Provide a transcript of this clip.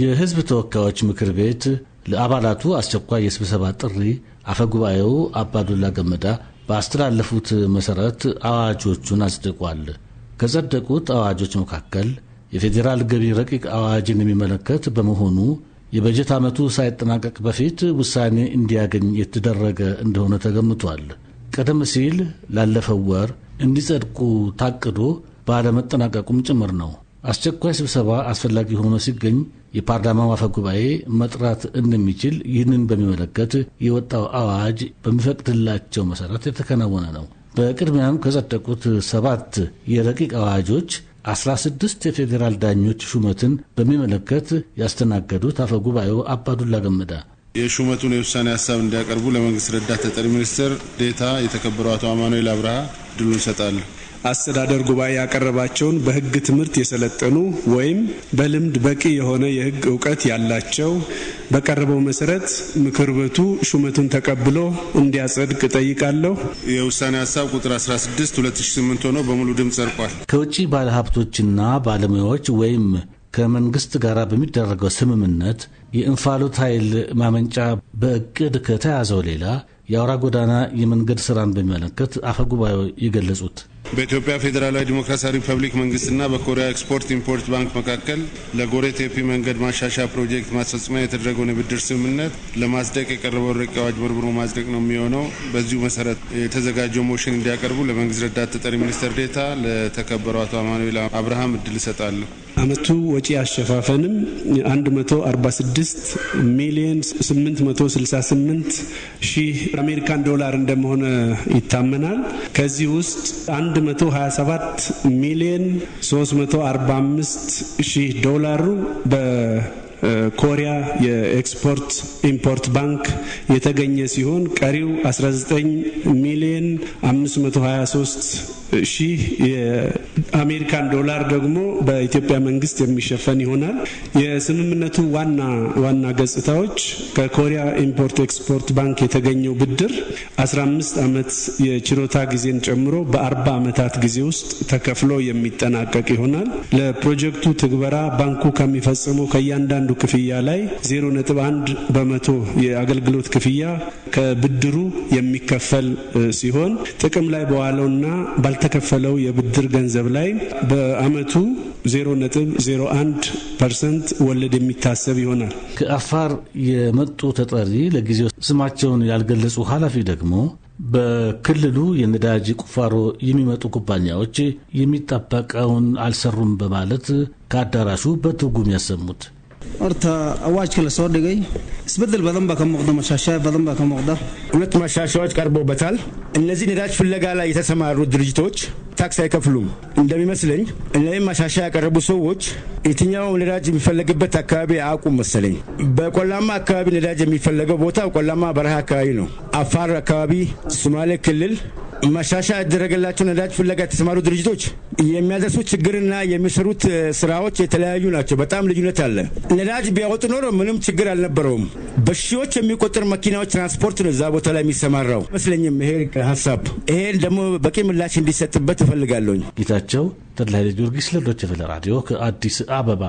የህዝብ ተወካዮች ምክር ቤት ለአባላቱ አስቸኳይ የስብሰባ ጥሪ አፈጉባኤው አባዱላ ገመዳ ባስተላለፉት መሠረት አዋጆቹን አጽድቋል። ከጸደቁት አዋጆች መካከል የፌዴራል ገቢ ረቂቅ አዋጅን የሚመለከት በመሆኑ የበጀት ዓመቱ ሳይጠናቀቅ በፊት ውሳኔ እንዲያገኝ የተደረገ እንደሆነ ተገምቷል። ቀደም ሲል ላለፈው ወር እንዲጸድቁ ታቅዶ ባለመጠናቀቁም ጭምር ነው። አስቸኳይ ስብሰባ አስፈላጊ ሆኖ ሲገኝ የፓርላማው አፈ ጉባኤ መጥራት እንደሚችል ይህንን በሚመለከት የወጣው አዋጅ በሚፈቅድላቸው መሰረት የተከናወነ ነው። በቅድሚያም ከጸደቁት ሰባት የረቂቅ አዋጆች 16 የፌዴራል ዳኞች ሹመትን በሚመለከት ያስተናገዱት አፈ ጉባኤው አባዱላ ገመዳ የሹመቱን የውሳኔ ሀሳብ እንዲያቀርቡ ለመንግስት ረዳት ተጠሪ ሚኒስትር ዴታ የተከበረው አቶ አማኑኤል አብርሃ እድሉን ይሰጣል። አስተዳደር ጉባኤ ያቀረባቸውን በህግ ትምህርት የሰለጠኑ ወይም በልምድ በቂ የሆነ የህግ እውቀት ያላቸው በቀረበው መሰረት ምክር ቤቱ ሹመቱን ተቀብሎ እንዲያጸድቅ እጠይቃለሁ። የውሳኔ ሀሳብ ቁጥር 16 2008 ሆኖ በሙሉ ድምፅ ጸድቋል። ከውጭ ባለሀብቶችና ባለሙያዎች ወይም ከመንግስት ጋር በሚደረገው ስምምነት የእንፋሎት ኃይል ማመንጫ በእቅድ ከተያዘው ሌላ የአውራ ጎዳና የመንገድ ስራን በሚመለከት አፈጉባኤው የገለጹት በኢትዮጵያ ፌዴራላዊ ዲሞክራሲያዊ ሪፐብሊክ መንግስትና በኮሪያ ኤክስፖርት ኢምፖርት ባንክ መካከል ለጎሬ ቴፒ መንገድ ማሻሻያ ፕሮጀክት ማስፈጸሚያ የተደረገውን የብድር ስምምነት ለማጽደቅ የቀረበው ረቂቅ አዋጅ በርብሮ ማጽደቅ ነው የሚሆነው። በዚሁ መሰረት የተዘጋጀው ሞሽን እንዲያቀርቡ ለመንግስት ረዳት ተጠሪ ሚኒስትር ዴታ ለተከበረው አቶ አማኑኤል አብርሃም እድል እሰጣለሁ። አመቱ ወጪ አሸፋፈንም 146 ሚሊዮን 868 ሺህ አሜሪካን ዶላር እንደመሆነ ይታመናል። ከዚህ ውስጥ 127 ሚሊዮን 345 ሺህ ዶላሩ በ ኮሪያ የኤክስፖርት ኢምፖርት ባንክ የተገኘ ሲሆን ቀሪው 19 ሚሊዮን 523 ሺህ የአሜሪካን ዶላር ደግሞ በኢትዮጵያ መንግስት የሚሸፈን ይሆናል። የስምምነቱ ዋና ዋና ገጽታዎች ከኮሪያ ኢምፖርት ኤክስፖርት ባንክ የተገኘው ብድር 15 ዓመት የችሮታ ጊዜን ጨምሮ በ40 ዓመታት ጊዜ ውስጥ ተከፍሎ የሚጠናቀቅ ይሆናል። ለፕሮጀክቱ ትግበራ ባንኩ ከሚፈጽመው ከእያንዳንዱ ክፍያ ላይ 0.1 በመቶ የአገልግሎት ክፍያ ከብድሩ የሚከፈል ሲሆን ጥቅም ላይ በዋለውና ባልተከፈለው የብድር ገንዘብ ላይ በአመቱ 0.01 ፐርሰንት ወለድ የሚታሰብ ይሆናል። ከአፋር የመጡ ተጠሪ ለጊዜው ስማቸውን ያልገለጹ ኃላፊ ደግሞ በክልሉ የነዳጅ ቁፋሮ የሚመጡ ኩባንያዎች የሚጠበቀውን አልሰሩም በማለት ከአዳራሹ በትርጉም ያሰሙት horta awaajkii lasoo dhigay isbeddel badan baa ka muuqda መሻሻያ badan baa ka muuqda ሁለት ማሻሻያዎች ቀርቦበታል። እነዚህ ነዳጅ ፍለጋ ላይ የተሰማሩ ድርጅቶች ታክስ አይከፍሉም። እንደሚመስለኝ እነዚህም ማሻሻያ ያቀረቡ ሰዎች የትኛው ነዳጅ የሚፈለግበት አካባቢ አያውቁም መሰለኝ። በቆላማ አካባቢ ነዳጅ የሚፈለገው ቦታ ቆላማ በረሃ አካባቢ ነው። አፋር አካባቢ፣ ሶማሌ ክልል መሻሻያ ያደረገላቸው ነዳጅ ፍለጋ የተሰማሩ ድርጅቶች የሚያደርሱት ችግርና የሚሰሩት ስራዎች የተለያዩ ናቸው። በጣም ልዩነት አለ። ነዳጅ ቢያወጡ ኖሮ ምንም ችግር አልነበረውም። በሺዎች የሚቆጠር መኪናዎች ትራንስፖርት ነው እዛ ቦታ ላይ የሚሰማራው መስለኝም። ይሄ ሀሳብ ይሄን ደግሞ በቂ ምላሽ እንዲሰጥበት እፈልጋለሁኝ። ጌታቸው ተድላ ጊዮርጊስ ለዶይቼ ቬለ ራዲዮ ከአዲስ አበባ